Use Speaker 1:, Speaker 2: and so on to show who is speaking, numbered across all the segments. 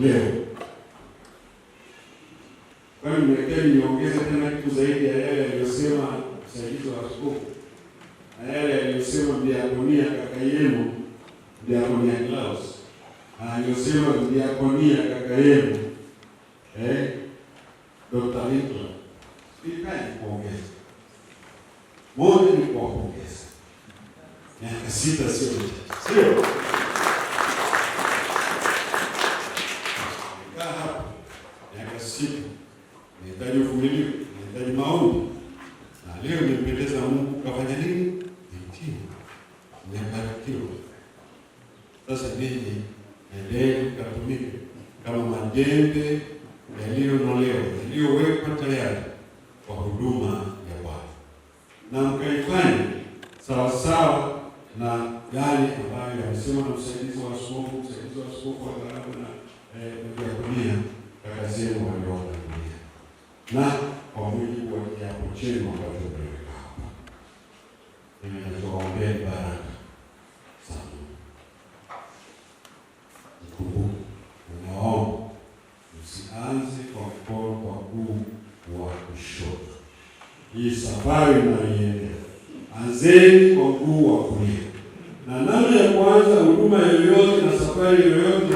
Speaker 1: leo. Kwa hiyo nimekeni niongeze tena kitu zaidi ya yale aliyosema msaidizi wa askofu na yale aliyosema diakonia kaka yenu diakonia Klaus aliyosema diakonia kaka yenu eh, Dr. Hitler Spika ni kuongeza moja ni kuwapongeza miaka sita sio sio ikatumika kama majembe yaliyonolewa yaliyowekwa tayari kwa huduma ya watu na mkaifanya sawasawa na yale ambayo yamesema na msaidizi wa askofu, msaidizi wa askofu hii safari inayoiendea. Anzeni kwa mguu wa kulia, na namna ya kwanza huduma yoyote na safari yoyote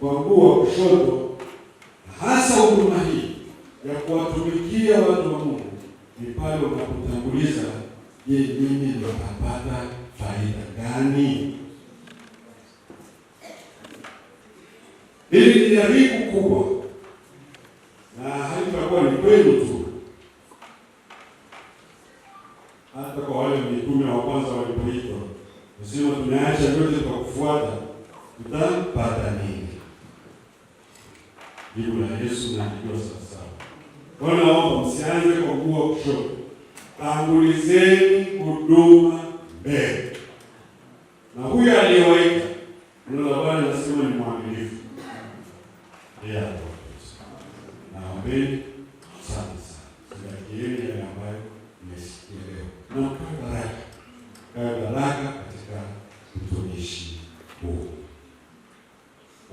Speaker 1: kwa mguu wa kushoto, hasa huduma hii ya kuwatumikia watu wa Mungu ni pale unapotanguliza, je, mimi nitapata faida gani? Hili ni jaribu kubwa tutapata nini? Jibu la Yesu nalijua sawasawa. Bwana, naomba msianze kwa kuwa kushoto, tangulizeni huduma mbele, na huyo aliyewaita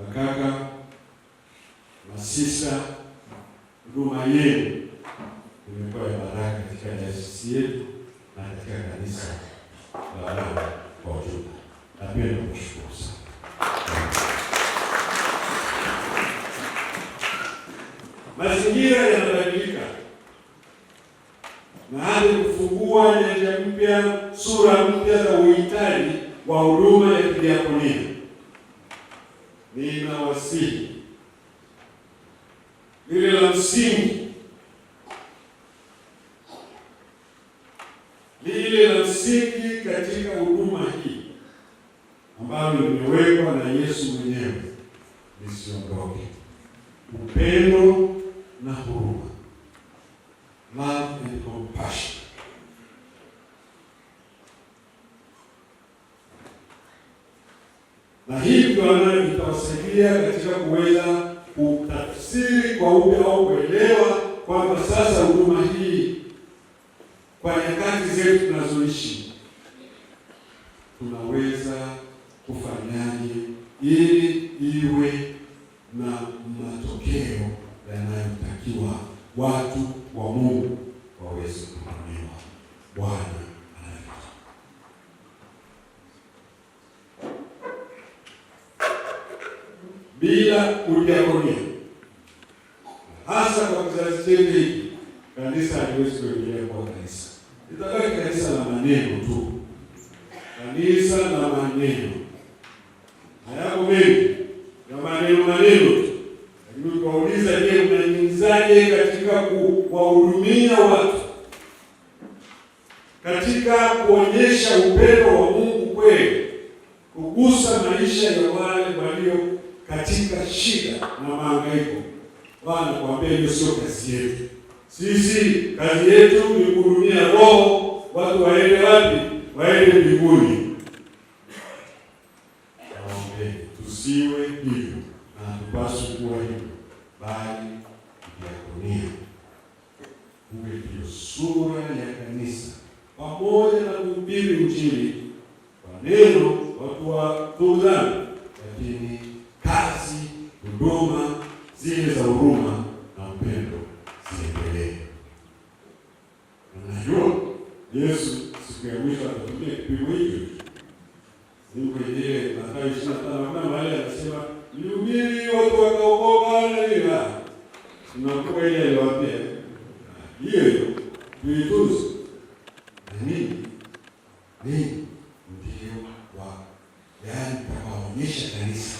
Speaker 1: Wakaka, masisa huduma yenu imekuwa ya baraka katika taasisi yetu na katika kanisa la Walawi kwa ujumla. Napenda kushukuru sana. Mazingira yanabadilika na hali kufungua nyanja mpya, sura mpya za uhitaji wa huduma ya kidiakonia ninawasihi lile la msingi, lile la msingi katika huduma hii ambalo limewekwa na Yesu mwenyewe lisiondoke: upendo na huruma. na hii hivyo itawasaidia katika kuweza kutafsiri kwa upya au kuelewa kwamba sasa huduma hii kwa nyakati zetu tunazoishi tunaweza kufanyaje ili iwe na matokeo yanayotakiwa watu wa Mungu waweze kutumiwa Bwana bila udiakonia, hasa kwa kizazi chetu hiki, kanisa haliwezi kuendelea kuwa kanisa, Itakuwa kanisa la maneno tu, kanisa la maneno hayako mengi ya maneno maneno Lakini ukauliza, je, mnaingizaje katika kuwahudumia watu, katika kuonyesha upendo wa Mungu kweli, kugusa maisha ya wale katika shida na mahangaiko. Bwana kuambia hiyo sio kazi yetu sisi. Kazi yetu ni kuhudumia roho, watu waende wapi? Waende mbinguni. Naombe tusiwe hivyo na tupaswe kuwa hivyo, bali diakonia uwe ndiyo sura ya kanisa, pamoja na kuhubiri Injili kwa neno, watu wa dhambi, lakini kazi, huduma zile za huruma na upendo ziendelee. Najua Yesu siku ya mwisho atatumia kipimo hicho kwenye Mathayo ishirini na tano kuna mahali anasema ndio wa yaani, takawaonyesha kanisa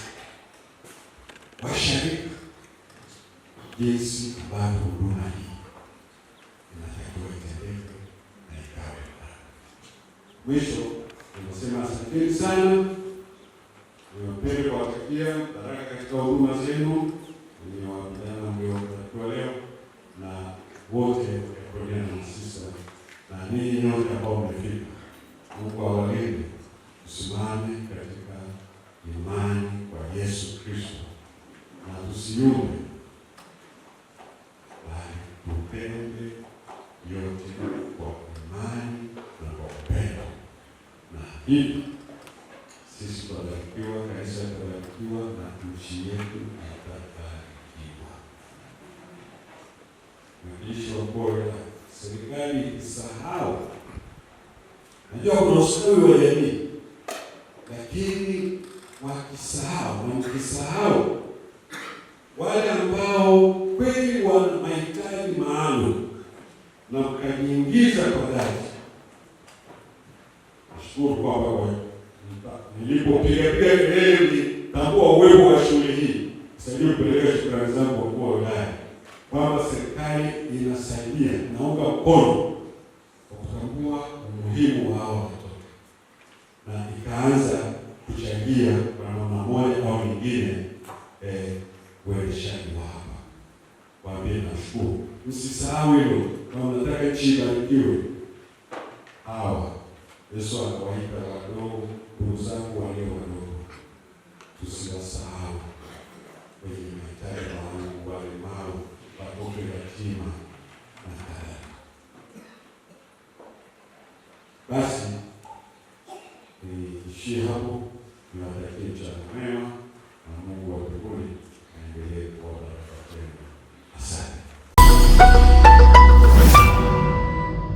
Speaker 1: Washiriki jinsi ambavyo huduma hii inatakiwa itendeke na ikawe. Mwisho nimesema asanteni sana, niwapende kuwatakia baraka katika huduma zenu wenye wavijana mliobarikiwa leo na wote wakiongea na masisa na ninyi nyote ambao mmefika Hii sisi tunabarikiwa, kanisa linabarikiwa na nchi yetu itabarikiwa. Mwandishi wa Bora, serikali isahau, najua kuna ustawi wa jamii Nashukuru kwamba nilipopiga piga kelele, tambua uwepo wa shughuli hii, saidie kupeleka shukrani zangu kwa mkuu wa wilaya kwamba serikali inasaidia, naunga mkono kwa kutambua umuhimu wa hao watoto na ikaanza kuchangia kwa namna moja au nyingine eh, uendeshaji wa hapa. Waambie nashukuru, msisahau hilo kama nataka nchi ibarikiwe hawa Yesu anawaita wadogo, ndugu zangu walio wadogo, tusiwasahau wenye mahitaji maalum, walemavu, watoto yatima na kadhalika. Basi niishie hapo, niwatakie mchana mwema na Mungu wa mbinguni